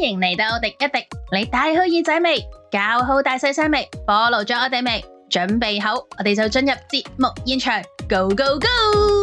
歡迎嚟到廸一廸，你帶好耳仔未？搞好大細聲未？暴露咗我哋未？準備好，我哋就進入節目現場，Go Go Go！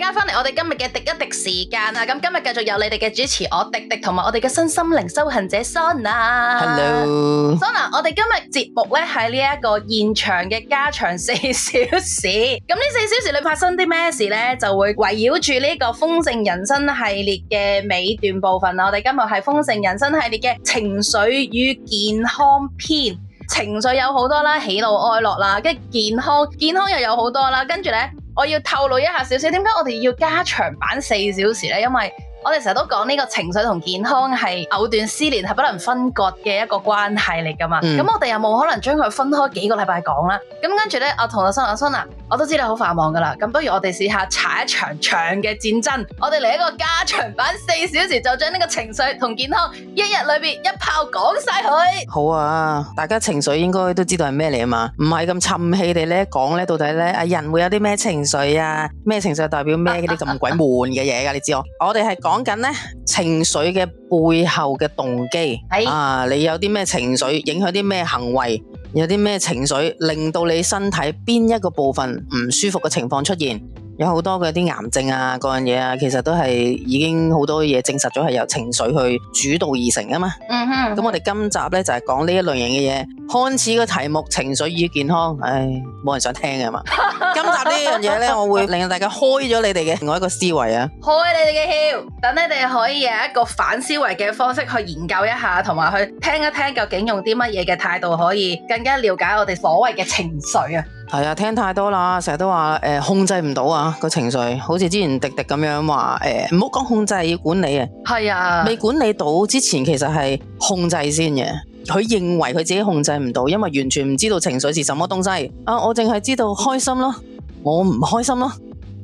大家翻嚟，我哋今日嘅廸一廸時間啊！咁今日繼續有你哋嘅主持我廸廸同埋我哋嘅身心靈修行者 Sona 啊，Hello，Sona 啊、so，呃！我哋今日節目咧，喺呢一個現場嘅加長四小時，咁呢四小時裏發生啲咩事咧？就會圍繞住呢個豐盛人生系列嘅尾段部分啦。我哋今日係豐盛人生系列嘅情緒與健康篇，情緒有好多啦，喜怒哀樂啦，跟住健康，健康又有好多啦，跟住咧。我要透露一下少少，點解我哋要加長版四小時咧？因為，我哋成日都講呢個情緒同健康係藕斷絲連，係不能分割嘅一個關係嚟噶嘛，咁、嗯、我哋又冇可能將佢分開幾個禮拜講啦。咁跟住呢，我同阿新阿新啊，我都知道你好繁忙噶啦。咁不如我哋試下查一場長嘅戰爭，我哋嚟一個加長版四小時，就將呢個情緒同健康一日裏面一炮講晒佢。好啊，大家情緒應該都知道係咩嚟啊嘛，唔係咁沉氣地咧講咧，到底咧人會有啲咩情緒啊？咩情緒代表咩嗰啲咁鬼悶嘅嘢噶？你知我，我哋係講緊咧情緒嘅背後嘅動機，是啊，你有啲咩情緒影響啲咩行為？有啲咩情緒令到你身體邊一個部分唔舒服嘅情況出現？有好多嘅癌症啊，嗰樣嘢啊，其實都係已經好多嘢證實咗係由情緒去主導而成㗎嘛。嗯哼，嗯哼。咁我哋今集呢就係講呢一類型嘅嘢，看似個題目情緒與健康，唉，冇人想聽嘅嘛。 今集呢樣嘢呢，我會令大家開咗你哋嘅另外一個思維啊，開你哋嘅竅，等你哋可以有一個反思維嘅方式去研究一下，同埋去聽一聽究竟用啲乜嘢嘅態度可以更加了解我哋所謂嘅情緒啊。係啊，聽太多啦，成日都話誒控制唔到啊個情緒，好似之前迪迪咁樣話誒，唔好講控制，要管理啊。係啊，未管理到之前，其實係控制先嘅。佢認為佢自己控制唔到，因為完全唔知道情緒是什麼東西。啊，我淨係知道開心咯，我唔開心咯。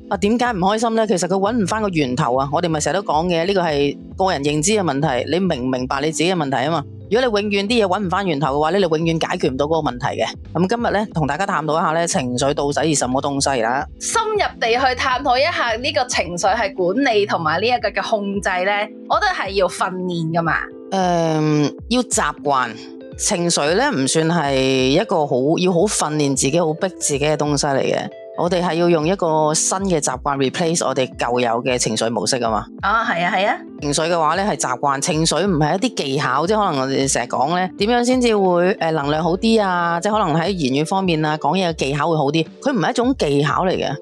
啊，點解唔開心呢？其實佢揾唔翻個源頭啊！我哋咪成日都講嘅，呢個係個人認知嘅問題，你明唔明白你自己嘅問題啊嘛？如果你永遠啲嘢揾唔翻源頭嘅話咧，你永遠解決唔到嗰個問題嘅。咁、啊、今日咧，同大家探討一下咧，情緒到底係什麼東西啦、啊？深入地去探討一下呢個情緒係管理同埋呢一個嘅控制呢，我覺得係要訓練噶嘛。誒、呃，要習慣情緒咧，唔算係一個好要好訓練自己、好逼自己嘅東西嚟嘅。我哋係要用一個新嘅習慣 replace 我哋舊有嘅情緒模式啊嘛。哦、啊，係啊，係啊。情緒嘅話咧，係習慣，情緒唔係一啲技巧，即係可能我哋成日講咧，點樣先至會誒能量好啲啊，即係可能喺言語方面啊，講嘢嘅技巧會好啲。佢唔係一種技巧嚟嘅。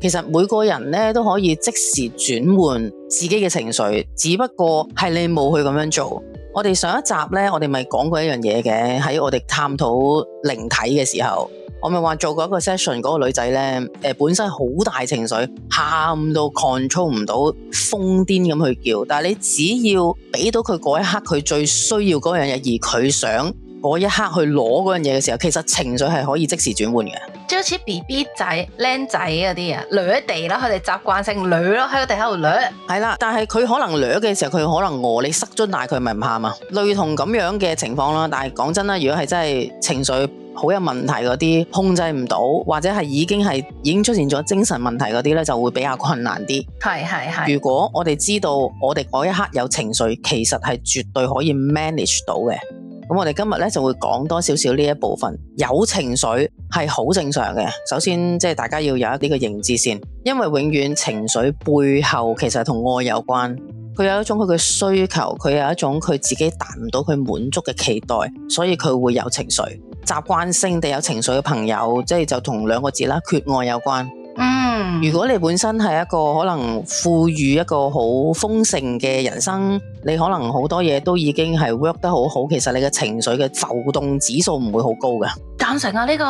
其實每個人咧都可以即時轉換自己嘅情緒，只不過係你冇去咁樣做。我哋上一集咧，我哋咪講過一樣嘢嘅，喺我哋探討靈體嘅時候。我咪話做過一個 session，嗰個女仔咧，誒、呃、本身好大情緒，喊到 control 唔到，瘋癲咁去叫。但係你只要俾到佢嗰一刻，佢最需要嗰樣嘢，而佢想嗰一刻去攞嗰樣嘢嘅時候，其實情緒係可以即時轉換嘅。好似 B B 仔、僆仔嗰啲啊，掠地啦，佢哋習慣性掠咯，喺個地喺度掠。係啦，但係佢可能掠嘅時候，佢可能餓，你塞樽但係佢咪唔喊啊。類同咁樣嘅情況啦。但係講真啦，如果係真係情緒，好有問題嗰啲控制唔到，或者係已經係已經出現咗精神問題嗰啲呢，就會比較困難啲。係係係。 如果我哋知道我哋嗰一刻有情緒，其實係絕對可以 manage 到嘅。咁我哋今日呢，就會講多少少呢一部分有情緒係好正常嘅。首先即係大家要有一啲嘅認知先，因為永遠情緒背後其實同愛有關。佢有一種佢嘅需求，佢有一種佢自己達唔到佢滿足嘅期待，所以佢會有情緒，習慣性地有情緒嘅朋友，即係就同兩個字啦，缺愛有關。嗯，如果你本身係一個可能富裕一個好豐盛嘅人生，你可能好多嘢都已經係 work 得好好，其實你嘅情緒嘅浮動指數唔會好高嘅。贊成啊呢個？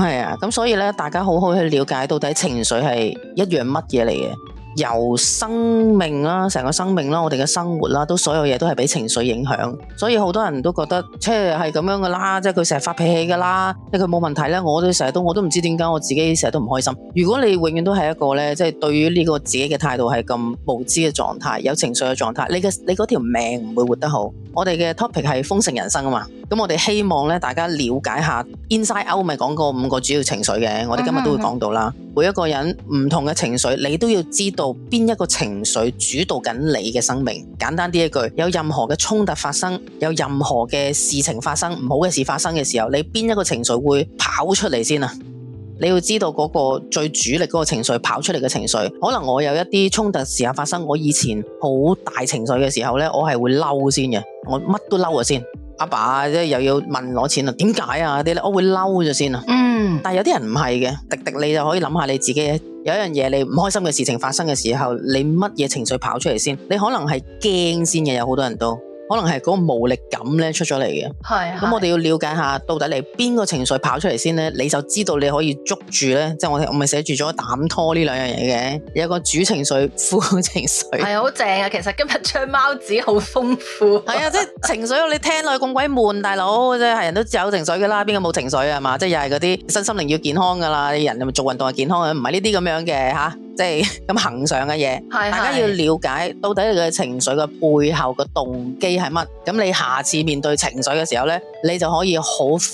係啊，咁所以咧，大家好好去了解到底情緒係一樣乜嘢嚟嘅。由生命啦，成個生命啦，我哋嘅生活啦，都所有嘢都係俾情緒影響，所以好多人都覺得，即係係咁樣噶啦，即係佢成日發脾氣噶啦，即係佢冇問題咧。我都成日都，我都唔知點解我自己成日都唔開心。如果你永遠都係一個咧，即係對於呢個自己嘅態度係咁無知嘅狀態，有情緒嘅狀態，你嘅你嗰條命唔會活得好。我哋嘅 topic 係豐盛人生啊嘛。咁我哋希望咧大家了解下，Inside Out 咪講過五個主要情緒嘅，我哋今日都會講到啦。嗯嗯嗯，每一個人唔同嘅情緒，你都要知道邊一個情緒主導緊你嘅生命。簡單啲一句，有任何嘅衝突發生，有任何嘅事情發生，唔好嘅事發生嘅時候，你邊一個情緒會跑出嚟先啊？你要知道嗰個最主力嗰個情緒跑出嚟嘅情緒，可能我有一啲衝突時刻發生，我以前好大情緒嘅時候呢，我係會嬲先嘅，我乜都嬲啊先，阿爸即係又要問攞錢啦，點解啊啲我會嬲咗先啊。嗯，但係有啲人唔係嘅，迪迪你就可以諗下你自己，有一樣嘢你唔開心嘅事情發生嘅時候，你乜嘢情緒跑出嚟先？你可能係驚先嘅，有好多人都。可能係嗰個無力感咧出咗嚟嘅，咁是是 我哋要了解一下到底你邊個情緒跑出嚟先咧，你就知道你可以捉住咧。即係我我咪寫住咗膽拖呢兩樣嘢嘅，有個主情緒、副情緒，係好正啊！其實今日張貓紙好豐富，係啊，即情緒你聽落咁鬼悶，大佬啫，係人都情緒的有情緒噶啦，邊個冇情緒啊？係嘛，即又係嗰啲身心靈要健康噶啦，啲人做運動又健康的，唔係呢啲咁樣嘅吓。即係咁恆常嘅嘢， 係係大家要了解到底你嘅情緒嘅背後嘅動機係乜。咁你下次面對情緒嘅時候咧，你就可以好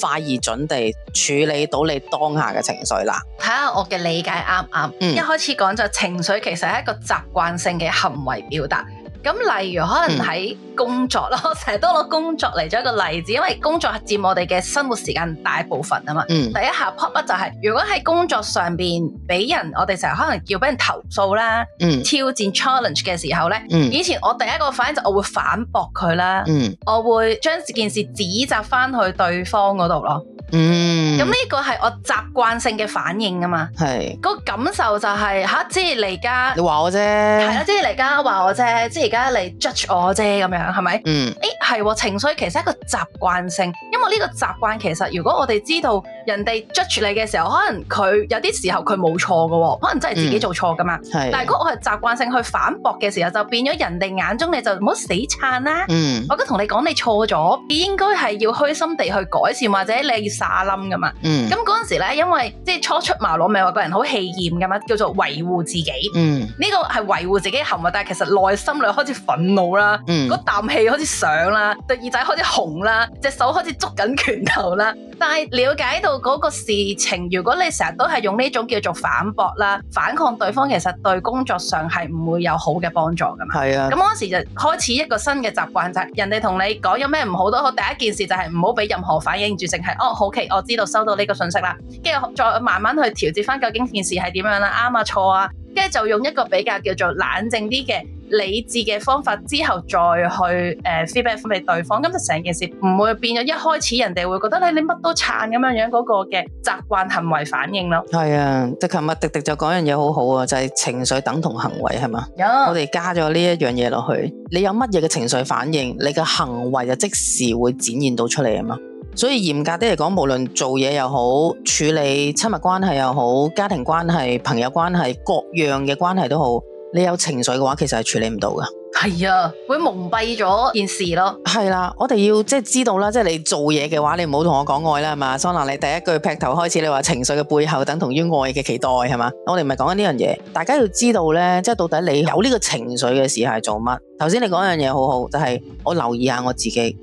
快而準地處理到你當下嘅情緒啦。睇下我嘅理解啱唔啱？嗯、一開始講就情緒其實係一個習慣性嘅行為表達。咁例如可能喺工作咯，成日、嗯、 都攞工作嚟做一個例子，因為工作係佔我哋嘅生活時間大部分啊嘛。嗯、第一下 pop up 就係、是、如果喺工作上邊俾人，我哋成日可能要俾人投訴啦，嗯、挑戰 challenge 嘅時候咧，嗯、以前我第一個反應就我會反駁佢啦，嗯、我會將件事指責翻去對方嗰度咯。嗯咁呢個係我習慣性嘅反應啊嘛，係是個感受就係、是、吓，即、啊、係而家你話我啫，係啦，即係而家話我啫，即係而家你 judge 我啫咁樣，係咪？嗯，哎係、欸，情緒其實係一個習慣性，因為呢個習慣其實如果我哋知道人哋 judge 你嘅時候，可能佢有啲時候佢冇錯嘅，可能真係自己做錯噶嘛。係、嗯，但係如果我係習慣性去反駁嘅時候，就變咗人哋眼中你就唔好死撐啦。嗯，我覺得同你講你錯咗，你應該係要虛心地去改善，或者你要耍冧噶嘛。咁嗰陣時咧，嗯嗯、因為即係初出茅廬，咪話個人好氣焰噶嘛叫做維護自己。嗯，呢個係維護自己嘅行為，但係其實內心裏開始憤怒啦，嗰啖氣開始上啦，對耳仔開始紅啦，隻手開始捉緊拳頭啦。但係了解到嗰個事情，如果你成日都係用呢種叫做反駁啦、反抗對方，其實對工作上係唔會有好嘅幫助噶嘛。係啊，咁嗰、嗯、時就開始一個新嘅習慣，就係、是、人哋同你講有咩唔好都好，第一件事就係唔好俾任何反應住，淨係哦，好奇，我知道。收到呢個信息啦，跟住再慢慢去調節翻，究竟件事係點樣啦？啱啊，錯啊，跟住就用一個比較叫做冷靜啲嘅、理智嘅方法，之後再去誒 feedback 俾對方，咁就成件事唔會變咗。一開始人哋會覺得咧，你乜都撐咁樣樣嗰個嘅習慣行為反應咯。係啊，即係琴日迪迪就講樣嘢好好啊，就係、是、情緒等同行為係嘛？有 Yeah. 我哋加咗呢一樣嘢落去，你有乜嘢嘅情緒反應，你嘅行為就即時會展現到出嚟啊嘛。所以嚴格啲嚟講，無論做嘢又好，處理親密關係又好，家庭關係、朋友關係，各樣嘅關係都好，你有情緒嘅話，其實係處理唔到㗎。係啊，會蒙蔽咗件事咯。係啦、啊，我哋要即係知道啦，即係你做嘢嘅話，你唔好同我講愛啦，係嘛？Sona，你第一句劈頭開始，你話情緒嘅背後等同於愛嘅期待係嘛？我哋唔係講緊呢樣嘢，大家要知道呢，即係到底你有呢個情緒嘅時候係做乜？頭先你講一樣嘢好好，就係、是、我留意下我自己，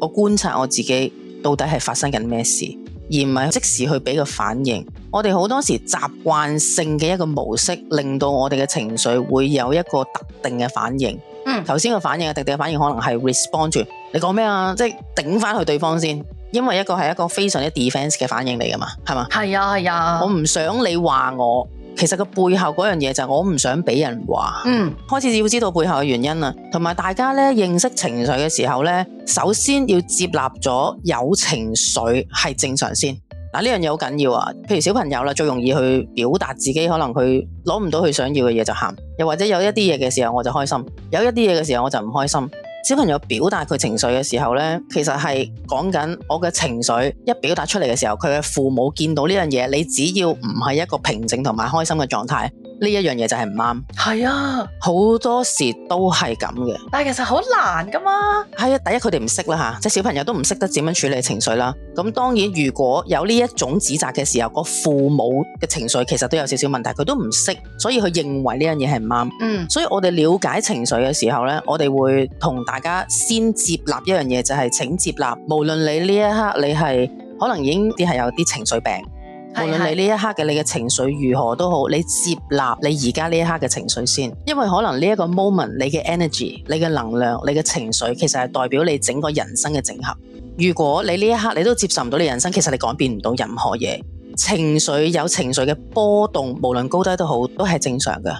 我觀察我自己。到底係發生緊咩事，而唔係即時去俾個反應。我哋好多時習慣性嘅一個模式，令到我哋嘅情緒會有一個特定嘅反應。嗯，頭先個反應，特定嘅反應可能係 respond 住。你講咩啊？即係頂翻去對方先，因為一個係一個非常之 defense 嘅反應嚟噶嘛，係嘛？係啊係啊，啊我唔想你話我。其實個背後嗰樣嘢就係我唔想俾人話，嗯、開始要知道背後嘅原因啦。同埋大家咧認識情緒嘅時候咧，首先要接納咗有情緒係正常先。嗱、啊，呢樣嘢好緊要啊。譬如小朋友啦，最容易去表達自己，可能佢攞唔到佢想要嘅嘢就喊，又或者有一啲嘢嘅時候我就開心，有一啲嘢嘅時候我就唔開心。小朋友表達佢情緒嘅時候呢，其實係講緊我嘅情緒一表達出嚟嘅時候，佢嘅父母見到呢樣嘢，你只要唔係一個平靜同埋開心嘅狀態。呢一樣嘢就係唔啱，係啊，好多時都係咁嘅。但其實好難㗎嘛。係啊、哎，第一佢哋唔識啦嚇，即小朋友都唔識得點樣處理情緒啦。咁當然如果有呢一種指責嘅時候，個父母嘅情緒其實都有少少問題，佢都唔識，所以佢認為呢樣嘢係唔啱。嗯。所以我哋了解情緒嘅時候呢，我哋會同大家先接納一樣嘢，就係、是、請接納，無論你呢一刻你係可能已經係有啲情緒病。無論你呢一刻嘅你嘅情緒如何都好，你接納你而家呢一刻嘅情緒先，因為可能呢一個 moment 你嘅 energy、你嘅能量、你嘅情緒，其實係代表你整個人生嘅整合。如果你呢一刻你都接受唔到你人生，其實你改變唔到任何嘢。情緒有情緒嘅波動，無論高低都好，都係正常嘅。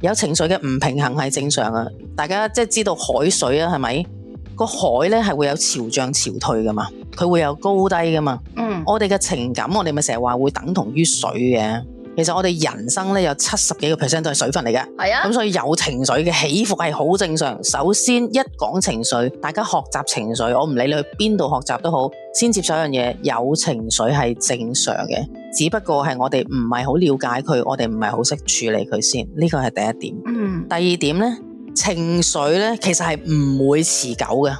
有情緒嘅唔平衡係正常嘅。大家即係知道海水啊，係咪？個海呢係會有潮漲潮退㗎嘛？佢會有高低噶嘛？嗯，我哋嘅情感，我哋咪成日話會等同於水嘅。其實我哋人生咧有七十幾個 percent 都係水分嚟嘅，係啊。咁、啊、所以有情緒嘅起伏係好正常。首先一講情緒，大家學習情緒，我唔理你去邊度學習都好，先接受一樣嘢，有情緒係正常嘅。只不過係我哋唔係好了解佢，我哋唔係好識處理佢先。呢個係第一點。嗯。第二點咧，情緒咧其實係唔會持久嘅。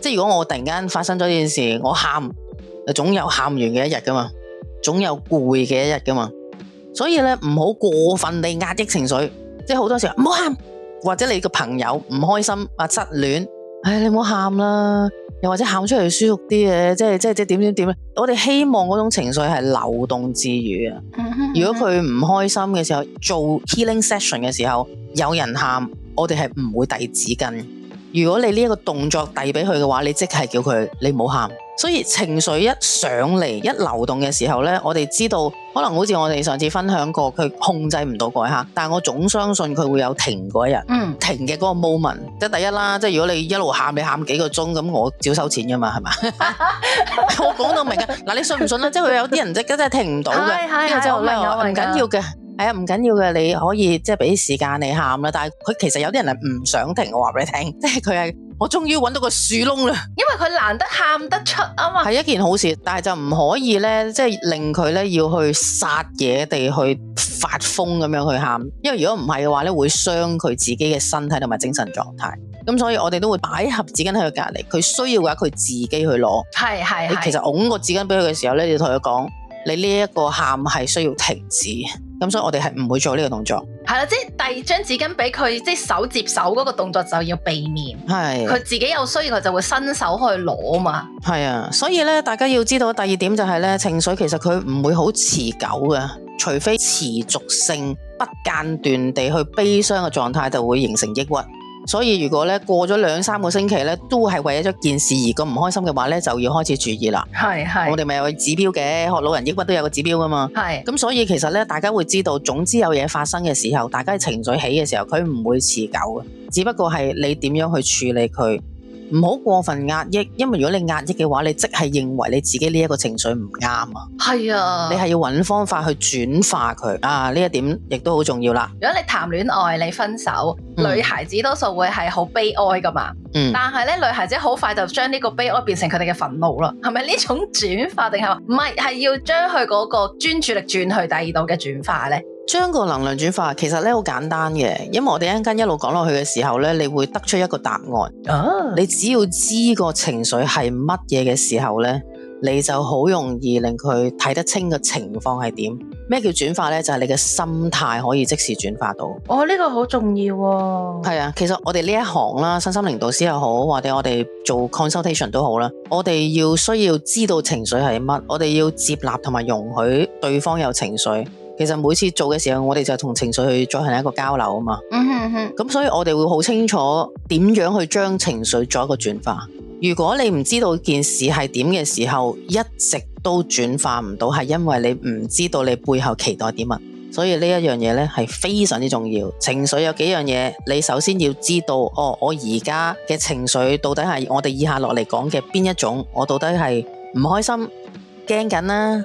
即係如果我突然間發生咗件事，我喊，總有喊完嘅一日噶嘛，總有攰嘅一日噶嘛，所以咧唔好過分地壓抑情緒，即係好多時候唔好喊，或者你個朋友唔開心啊失戀，唉、哎、你唔好喊啦，又或者喊出嚟舒服啲嘅，即係即係即係點點點咧，我哋希望嗰種情緒係流動自如啊。如果佢唔開心嘅時候，做 healing session 嘅時候，有人喊，我哋係唔會遞紙巾。如果你呢一個動作遞俾佢嘅話，你即係叫佢你唔好喊，所以情緒一上嚟、一流動嘅時候呢，我哋知道可能好似我哋上次分享過，佢控制唔到嗰一刻，但係我總相信佢會有停嗰一日，嗯、停嘅嗰個 moment。即係第一啦，即係如果你一路喊你喊幾個鐘，咁我照收錢噶嘛，係咪？ 我講到明啊，嗱，你信唔信啦？ 即係佢有啲人即真係停唔到嘅，呢跟住就唔緊要嘅。係啊，唔緊要嘅，你可以即係俾啲時間你喊啦。但係佢其實有啲人係唔想停。我話俾你聽，即係佢係我終於揾到個樹窿啦。因為佢難得喊得出啊嘛，係一件好事，但係就唔可以咧，即係令佢咧要去殺嘢地去發瘋咁樣去喊。因為如果唔係嘅話咧，會傷佢自己嘅身體同埋精神狀態。咁所以我哋都會擺一盒紙巾喺佢隔籬，佢需要嘅話佢自己去攞。係係。你其實拱個紙巾俾佢嘅時候咧，你要同佢講，你呢一個喊係需要停止，咁所以我哋係唔會做呢個動作。係啦，即係第二張紙巾俾佢，即係手接手嗰個動作就要避免。係，佢自己有需要佢就會伸手去攞嘛。係啊，所以咧，大家要知道第二點就係咧，情緒其實佢唔會好持久嘅，除非持續性不間斷地去悲傷嘅狀態，就會形成抑鬱。所以如果咧，過咗兩三個星期都係為咗一件事而個唔開心嘅話，就要開始注意啦。係，係我哋咪有，指有個指標嘅，學老人抑鬱都有個指標㗎嘛。咁是是 所以其實大家會知道，總之有嘢發生嘅時候，大家情緒起嘅時候，佢唔會持久，只不過係你點樣去處理佢。唔好過分壓抑，因為如果你壓抑嘅話，你即係認為你自己呢一個情緒唔啱啊。係啊、嗯，你係要揾方法去轉化佢啊，呢一點亦都好重要啦。如果你談戀愛你分手，女孩子多數會係好悲哀㗎嘛。嗯，但係咧，女孩子好快就將呢個悲哀變成佢哋嘅憤怒咯，係咪呢種轉化定係話唔係係要將佢嗰個專注力轉去第二度嘅轉化咧？將個能量轉化，其實咧好簡單嘅，因為我哋一陣間一路講落去嘅時候咧，你會得出一個答案。啊、你只要知個情緒係乜嘢嘅時候咧，你就好容易令佢睇得清個情況係點。咩叫轉化咧？就係、是、你嘅心態可以即時轉化到。哦，呢、這個好重要啊。係啊，其實我哋呢一行啦，身心靈導師又好，或者我哋做 consultation 都好啦，我哋要需要知道情緒係乜，我哋要接納同埋容許對方有情緒。其實每次做嘅時候，我哋就同情緒去進行一個交流啊嘛。咁、嗯、所以我哋會好清楚點樣去將情緒做一個轉化。如果你唔知道件事係點嘅時候，一直都轉化唔到，係因為你唔知道你背後期待點啊。所以呢一樣嘢呢係非常之重要。情緒有幾樣嘢，你首先要知道，哦，我而家嘅情緒到底係我哋以下落嚟講嘅邊一種？我到底係唔開心、驚緊啦？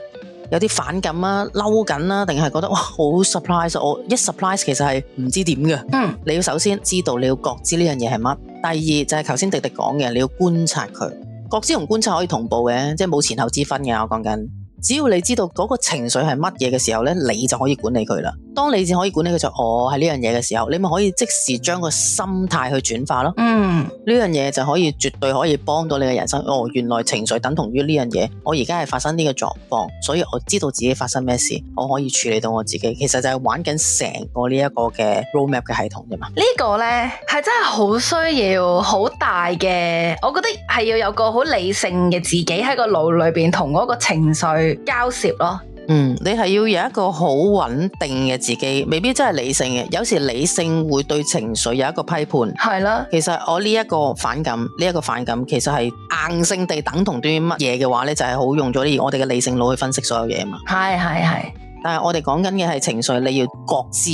有啲反感啊，嬲緊啦，定係覺得哇好 surprise！啊、我一 surprise 其實係唔知點嘅。嗯，你要首先知道你要覺知呢樣嘢係乜。第二就係頭先迪迪講嘅，你要觀察佢。覺知同觀察可以同步嘅，即係冇前後之分嘅。我講緊，只要你知道嗰個情緒係乜嘢嘅時候咧，你就可以管理佢啦。當你只可以管理佢就我喺呢樣嘢嘅時候，你咪可以即時將個心態去轉化咯。嗯，呢樣嘢就可以絕對可以幫到你嘅人生。哦，原來情緒等同於呢樣嘢，我而家係發生呢個狀況，所以我知道自己發生咩事，我可以處理到我自己。其實就係玩緊成個,個,個呢一個嘅 roadmap 嘅系統啫嘛。呢個咧係真係好需要好大嘅，我覺得係要有個好理性嘅自己喺個腦裏邊同嗰個情緒交涉咯。嗯，你係要有一個好穩定嘅自己，未必真係理性嘅。有時理性會對情緒有一個批判，係啦。其實我呢一個反感，呢一個反感，其實係硬性地等同於乜嘢嘅話呢，就係好用咗我哋嘅理性腦去分析所有嘢嘛。係係係。但係我哋講緊嘅係情緒，你要覺知，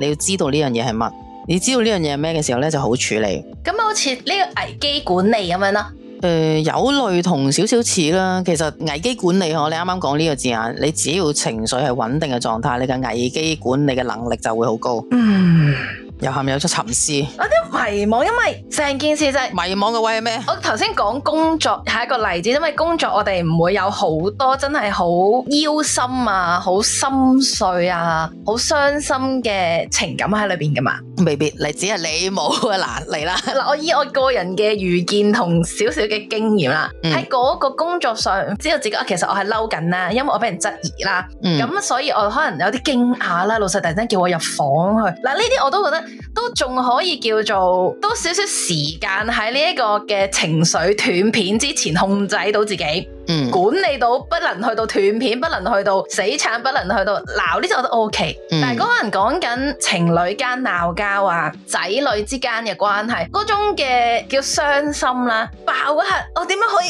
你要知道呢樣嘢係乜，你知道呢樣嘢係咩嘅時候呢，就好處理。咁好似呢個危機管理咁樣啦。誒、呃、有類同少少似啦，其實危機管理呵，你啱啱講呢個字眼，你只要情緒係穩定嘅狀態，你嘅危機管理嘅能力就會好高。嗯又係咪有出沉思？有啲迷茫，因為成件事就係、是、迷茫嘅位係咩？我頭先講工作係一個例子，因為工作我哋唔會有好多真係好腰心啊，好心碎啊，好傷心嘅情感喺裏邊噶嘛？未必例子係你冇啊嗱嚟啦嗱， 我以我個人嘅愚見同少少嘅經驗啦，喺嗰、嗯、個工作上知道自己啊，其實我係嬲緊啦，因為我俾人質疑啦，咁、嗯、所以我可能有啲驚訝啦，老細突然間叫我入房去嗱，呢啲我都覺得。都仲可以叫做多少少時間喺呢一個嘅情緒斷片之前控制到自己，嗯、管理到不能去到斷片，不能去到死慘，不能去到鬧呢，就覺得 OK。但係嗰個人講緊情侶間鬧交啊，仔女之間嘅關係嗰種嘅叫傷心啦，爆核！我點樣可以？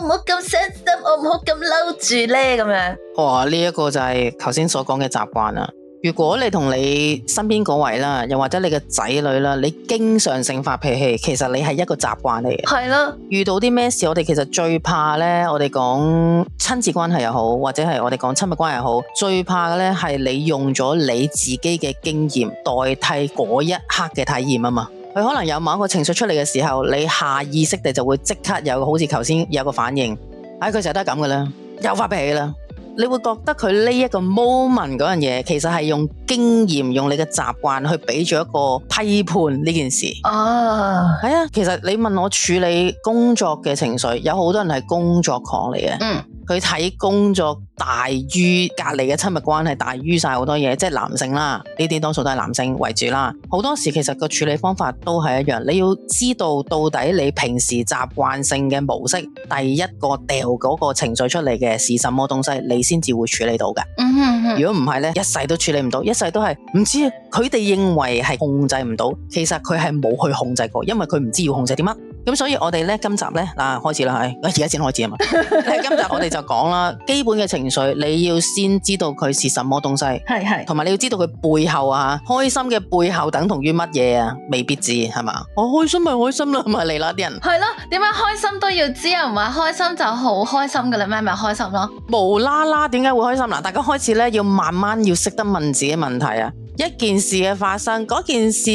我唔好咁傷心、啊哦呃，我唔好咁嬲住咧咁樣。哇、哦！呢、這、一個就係頭先所講嘅習慣啦。如果你同你身邊嗰位啦，又或者你嘅仔女啦，你經常性發脾氣，其實你係一個習慣嚟嘅。係啦，遇到啲咩事，我哋其實最怕呢？我哋講親子關係又好，或者係我哋講親密關係又好，最怕嘅呢係你用咗你自己嘅經驗代替嗰一刻嘅體驗啊嘛。佢可能有某一個情緒出嚟嘅時候，你下意識地就會即刻有好似頭先有個反應，唉、哎，佢成日都係咁噶啦，又發脾氣啦。你會覺得佢呢一個 moment 嗰樣嘢，其實係用經驗、用你嘅習慣去俾咗一個批判呢件事。哦、啊，係啊、哎，其實你問我處理工作嘅情緒，有好多人係工作狂嚟嘅。嗯。佢睇工作大於隔離嘅親密關係，大於晒好多嘢，即係男性啦，呢啲多數都係男性為主啦。好多時其實個處理方法都係一樣，你要知道到底你平時習慣性嘅模式，第一個掉嗰個情緒出嚟嘅係什麼東西，你先至會處理到嘅。嗯哼嗯哼。如果唔係咧，一世都處理唔到，一世都係唔知。佢哋認為係控制唔到，其實佢係冇去控制過，因為佢唔知要控制點乜。咁所以我呢，我哋咧今集咧嗱、啊，開始啦係，而家先開始啊嘛。 今集我哋就講啦，基本嘅情緒，你要先知道佢是什麼東西，係係。同埋你要知道佢背後啊，開心嘅背後等同於乜嘢啊，未必知係嘛？我，啊，開心咪開心咯，咪嚟啦啲人。係咯， 點解開心都要知啊？唔係開心就好開心噶啦咩？咪開心咯。無啦啦，點解會開心嗱？大家開始咧，要慢慢要識得問自己問題啊！一件事嘅發生，嗰件事。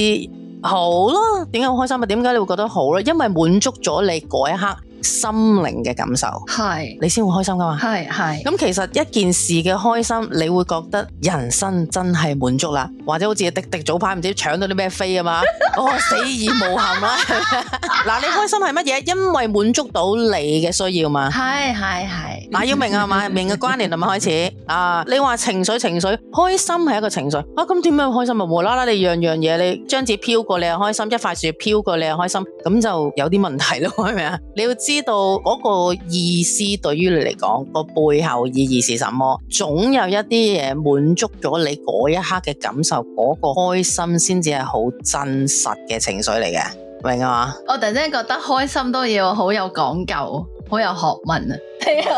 好咯，點解好開心？點解你會覺得好咧？因為滿足咗你嗰一刻。心靈嘅感受，係你先會開心噶嘛？係係咁，其實一件事嘅開心，你會覺得人生真係滿足啦，或者好似廸廸早排唔知搶到啲咩飛啊嘛，哦，死而無憾啦！嗱，你開心係乜嘢？因為滿足到你嘅需要嘛？係係係嗱，要明啊嘛，明嘅關聯係咪開始啊！你話情緒情緒開心係一個情緒，啊咁點樣開心啊？無啦啦，你樣樣嘢你張紙飄過你又開心，一塊樹飄過你又開心，咁就有啲問題咯，係咪啊？你要知。知道嗰個意思對於你嚟講，個背後意義是什麼？總有一啲嘢滿足咗你嗰一刻嘅感受，嗰個開心先至係好真實嘅情緒嚟嘅，明啊嘛？我突然間覺得開心都要好有講究，好有學問啊！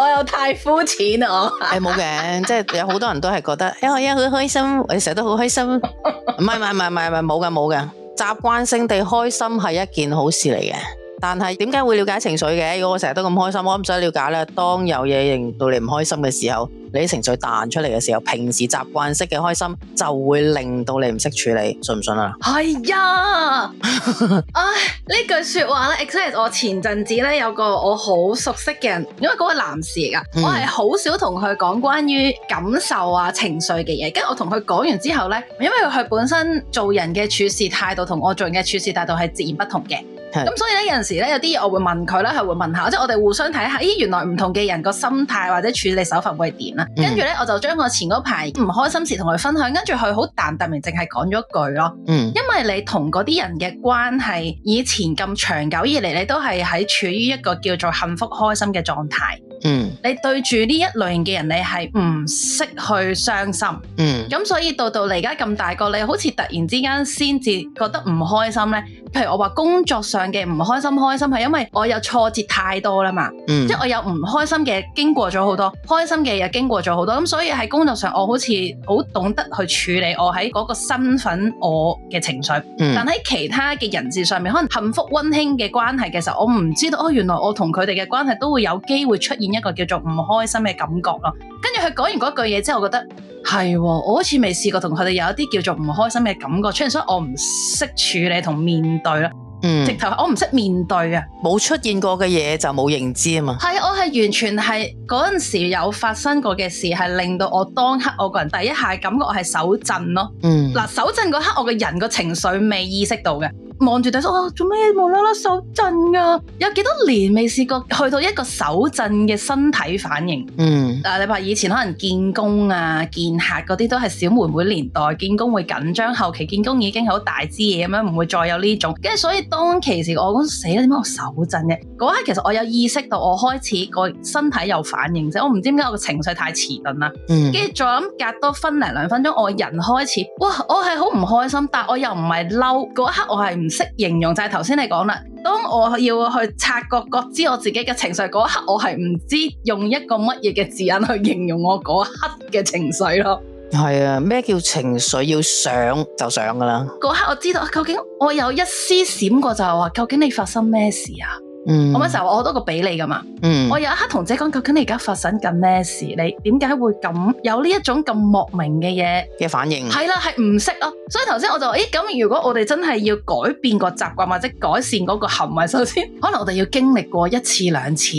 我又太膚淺啊！誒，冇嘅，即係有好多人都係覺得，因為因為好開心，我成日都好開心。唔係唔係唔係唔係，冇嘅冇嘅，習慣性地開心係一件好事嚟嘅。但係點解會了解情緒嘅？如果我成日都咁開心，我唔想了解咧。當有嘢令到你唔開心嘅時候，你啲情緒彈出嚟嘅時候，平時習慣式嘅開心就會令到你唔識處理，信唔信啊？係呀， 唉，呢句說話呢，except 我前陣子呢，有個我好熟悉嘅人，因為嗰個男士嚟㗎，嗯、我係好少同佢講關於感受啊、情緒嘅嘢。跟住我同佢講完之後呢，因為佢本身做人嘅處事態度同我做人嘅處事態度係截然不同嘅。咁所以咧，有陣時咧，有啲嘢我會問佢啦，係會問下，即係我哋互相睇下，咦，原來唔同嘅人個心態或者處理手法會係點啦。跟住咧，我就將我前嗰排唔開心時同佢分享，跟住佢好淡特明淨係講咗句咯。嗯，因爲你同嗰啲人嘅關係，以前咁長久以嚟，你都係喺處於一個叫做幸福開心嘅狀態。 嗯，你對住呢一類型嘅人，你係唔識去傷心。嗯，咁所以到到嚟，而家咁大個，你好似突然之間先至覺得唔開心咧。譬如我話工作上嘅唔開心、開心係因為我有挫折太多啦嘛。嗯，即係我有唔開心嘅經過咗好多，開心嘅嘢經過咗好多，咁所以喺工作上我好似好懂得去處理我喺嗰個身份我嘅情緒。嗯，但喺其他嘅人事上面，可能幸福溫馨嘅關係嘅時候，我唔知道哦，原來我同佢哋嘅關係都會有機會出現。一個叫做唔開心嘅感覺咯，跟住佢講完嗰句嘢之後，我覺得係，我好似未試過同佢哋有一啲叫做唔開心嘅感覺出現，所以我唔識處理同面對啦。嗯，直頭我唔識面對嘅，冇出現過嘅嘢就冇認知啊嘛。係，我係完全係嗰陣時有發生過嘅事，係令到我當刻我個人第一下感覺我係手震咯。嗯，嗱，手震嗰刻我個人個情緒未意識到嘅。望住佢，我做咩無啦啦手震噶、啊？有幾多年未試過去到一個手震嘅身體反應。嗯，嗱、啊，你話以前可能見工啊、見客嗰啲都係小妹妹年代，見工會緊張，後期見工已經好大支嘢咁樣，唔會再有呢種。跟住所以當其時我死啦，點解我手震嘅？嗰刻其實我有意識到我開始個身體有反應，即我唔知點解我個情緒太遲鈍啦。跟住再諗隔多分零兩,兩分鐘，我人開始哇，我係好唔開心，但我又唔係嬲。嗰一刻我係唔～唔識形容，就係頭先你講啦。當我要去察覺覺知我自己嘅情緒嗰一刻，我係唔知用一個乜嘢嘅字眼去形容我嗰一刻嘅情緒咯。係啊，咩叫情緒要想就想㗎喇。嗰刻我知道，究竟我有一絲閃過就係話，究竟你發生咩事啊？嗯，我嗰時候我多個比你噶嘛，嗯、我有一刻同自己講，究竟你而家發生緊咩事？你點解會咁有呢一種咁莫名嘅嘢嘅反應？係啦，係唔識咯。所以頭先我就話，咦，咁如果我哋真係要改變個習慣或者改善嗰個行為，首先可能我哋要經歷過一次兩次，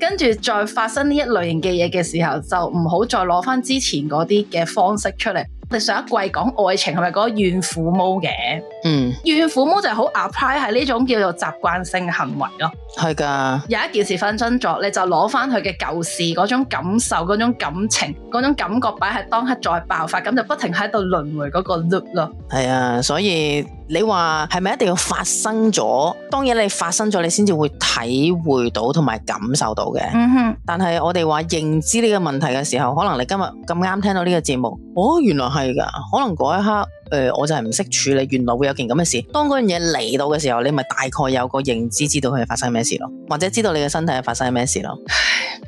跟住再發生呢一類型嘅嘢嘅時候，就唔好再攞翻之前嗰啲嘅方式出嚟。我哋上一季講愛情係咪嗰怨婦魔嘅？嗯，怨婦魔就係好 apply 喺呢種叫做習慣性嘅行為咯。係噶的，有一件事發生咗，你就攞翻佢嘅舊事，嗰種感受、嗰種感情、嗰種感覺擺喺當刻再爆發，咁就不停喺度輪迴嗰個 look 咯。係啊，所以。你話係咪一定要發生咗？當然你發生咗，你先至會體會到同埋感受到嘅。嗯哼。但係我哋話認知呢個問題嘅時候，可能你今日咁啱聽到呢個節目，哦，原來係㗎。可能嗰一刻，誒、呃，我就係唔識處理，原來會有件咁嘅事。當嗰樣嘢嚟到嘅時候，你咪大概有個認知，知道佢發生咩事咯，或者知道你嘅身體係發生咩事咯。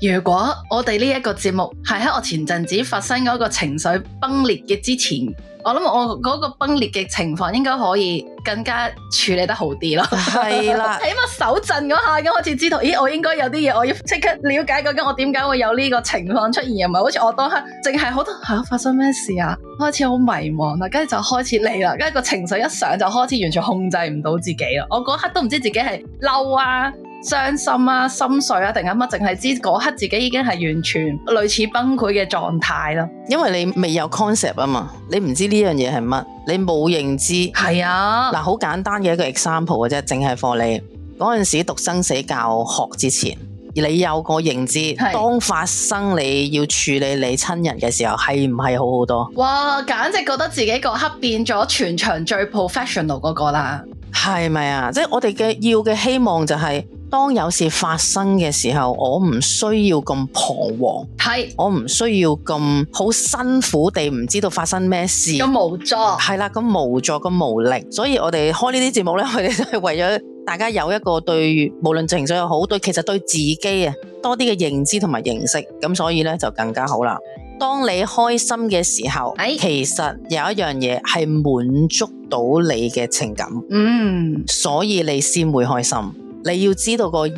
如果我哋呢一個節目係喺我前陣子發生嗰個情緒崩裂嘅之前，我諗我嗰個崩裂嘅情況應該可以更加處理得好啲咯。係啦， 起碼手震嗰下，咁開始知道，咦，我應該有啲嘢，我要即刻了解究竟我點解會有呢個情況出現，又唔係好似我當刻淨係好多吓，啊、發生咩事啊，開始好迷茫啦，跟住就開始嚟啦，跟住個情緒一上就開始完全控制唔到自己啦，我嗰刻都唔知自己係嬲啊。傷心啊、心碎啊，定係乜？淨係知嗰刻自己已經係完全類似崩潰嘅狀態咯。因為你未有 concept 啊嘛，你唔知呢樣嘢係乜，你冇認知。係啊，嗱、啊，好簡單嘅一個 example 嘅啫，淨係 for 你嗰陣時讀生死教學之前，你有個認知，啊、當發生你要處理你親人嘅時候，係唔係好好多？哇！簡直覺得自己嗰刻變咗全場最 professional 嗰個啦。係咪啊？即係我哋嘅要嘅希望就係、是。當有事發生嘅時候，我唔需要咁彷徨，係是，我唔需要咁好辛苦地唔知道發生咩事，咁無助，係啦，咁無助，咁無力。所以我哋開呢啲節目咧，我哋都係為咗大家有一個對無論情緒又好，對其實對自己啊多啲嘅認知同埋認識，咁所以咧就更加好啦。當你開心嘅時候，係是，其實有一樣嘢係滿足到你嘅情感，嗯，所以你先會開心。你要知道個因，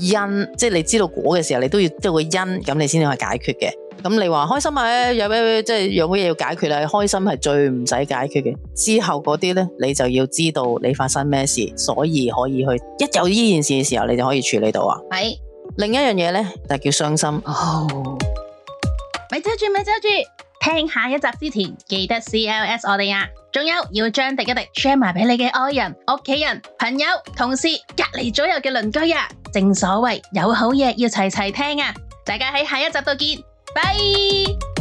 即係你知道果嘅時候，你都要知道個因，咁你先至係解決嘅。咁你話開心啊？有咩即係有咩嘢要解決啦？開心係最唔使解決嘅。之後嗰啲呢，你就要知道你發生咩事，所以可以去一有呢件事嘅時候，你就可以處理到啊。喂是，另一樣嘢呢就是，叫傷心。咪走住咪走住，聽下一集之前記得 CLS 我哋啊。仲有要將廸一廸 share 埋俾你嘅愛人、屋企人、朋友、同事、隔籬左右嘅鄰居啊！正所謂有好嘢要齊齊聽啊！大家喺下一集度見，拜。